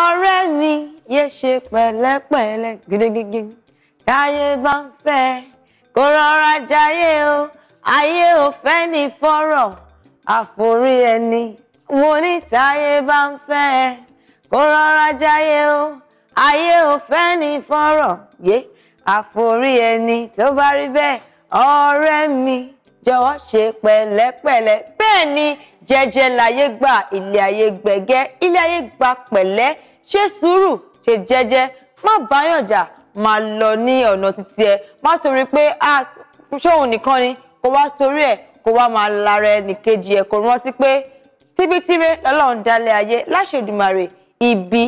ọ̀rẹ́ mi yé ṣe pẹ̀lẹ́pẹ̀lẹ́ gidigidi káyé bá ń fẹ́ kó rọra jayé o ayé ò fẹ́ ní fọ́rọ̀ àforí ẹni mo ní táyé bá ń fẹ́ kó rọra jayé o ayé ò fẹ́ ní fọ́rọ̀ yé àforí ẹni tó bá rí bẹ́ẹ̀ ọ̀rẹ́ mi jọ̀wọ́ ṣe pẹ̀lẹ́pẹ̀lẹ́ bẹ́ẹ̀ ni jẹ́jẹ́ láyé gbà ilé ayé gbẹ̀gẹ́ ilé ayé gbà pẹ̀lẹ́ ṣe sùúrù ṣe jẹ́jẹ́ má báyànjà máa lọ ní ọ̀nà títí ẹ má torí pé a ṣóhun nìkan ni kó wá torí ẹ kó wá máa lára ẹnì kejì ẹ kó rántí pé tíbítíre lọ́lọ́run dálé ayé láṣẹ ibi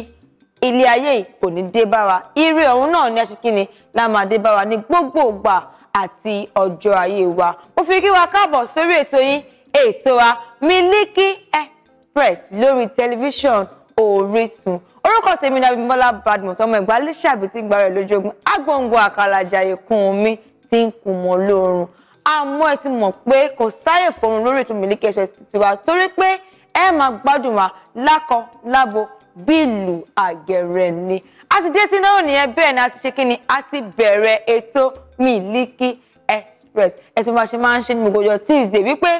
ilé ayé yìí kò ní dé bá wa ire ọ̀hún náà ní aṣíkíni la máa dé bá wa ní gbogbo ìgbà àti ọjọ́ ayé wa mo kí wa káàbọ̀ sórí ètò yín ètò wa Miliki Express lórí tẹlifíṣàn Orísun orúkọ tèmi ní Abímbọ́lá Badmus ọmọ ẹ̀gbá lẹ́sàbí tí ń gbára ẹ̀ lójoogun agbóǹgbò àkàlàjà ikùn mi ti ń kùn mọ́ lóorun àmọ́ ẹ ti mọ̀ pé kò sáyè fòrun lórí ètò Miliki Express tiwa torí pé ẹ máa gbádùn wa lákọ lábo bílù àgẹ̀rẹ̀ ni a ti dé sí náà nìyẹn bẹ́ẹ̀ ni a ti ṣe kí ni a ti bẹ̀rẹ̀ ètò Miliki Express ẹ̀sùn bá ṣe máa ń ṣe ní gbogbo ọjọ́ Tuesday wípé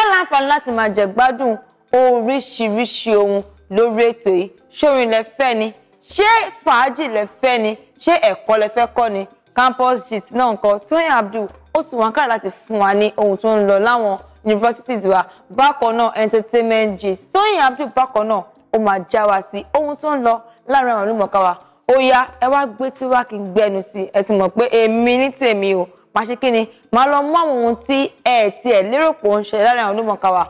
ẹ láǹfààní láti máa jẹ gbádùn oríṣiríṣi ohun lórí ètò yìí ṣórin lẹ fẹ́ ni ṣé fàájì lẹ fẹ́ ni ṣé ẹ̀kọ́ lẹ fẹ́ kọ́ ni campus gist náà nǹkan Tóyìn Abdul ó tún wọn kára láti fún wa ní ohun tó ń lọ láwọn universities wa bákan náà entertainment gist Tóyìn Abdul bákan náà ó máa já wa sí ohun tó ń lọ láàrin àwọn olùmọ̀ọ́ká wa ó yá ẹ wá gbé tí wá kí n gbẹnu sí ẹ ti mọ̀ pé èmi ní tèmi o máa ṣe kíni máa lọ mú àwọn ohun tí ẹ ti ẹ lérò pé ń ṣe lára àwọn onímọ̀ọ́ká wa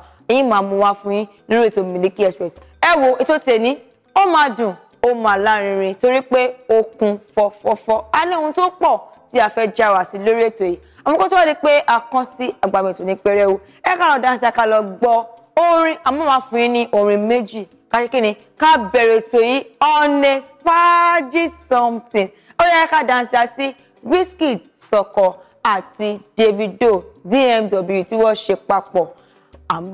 máa mú wá fún yín nínú ètò Miliki Express ẹ wo ètò tèmi ó máa dùn ó máa lárinrin torí pé ó kún fọfọfọ á ní ohun tó pọ̀ tí a fẹ́ já wa sí lórí ètò yìí àwọn kó tó wá di pé a kàn sí àgbàmẹ̀tò ní pẹrẹwu ẹ ká lọ dáńsí ká lọ gbọ́ orin àmọ́ máa fún yín ní orin méjì káṣíkíni ká bẹ̀rẹ̀ ètò yìí ọ̀nẹ́ fàájì something ó yẹ ká dáńsí sí Wizkid sọ̀kọ̀ àti Davido DMW tí wọ́n ṣe papọ̀ àmọ́.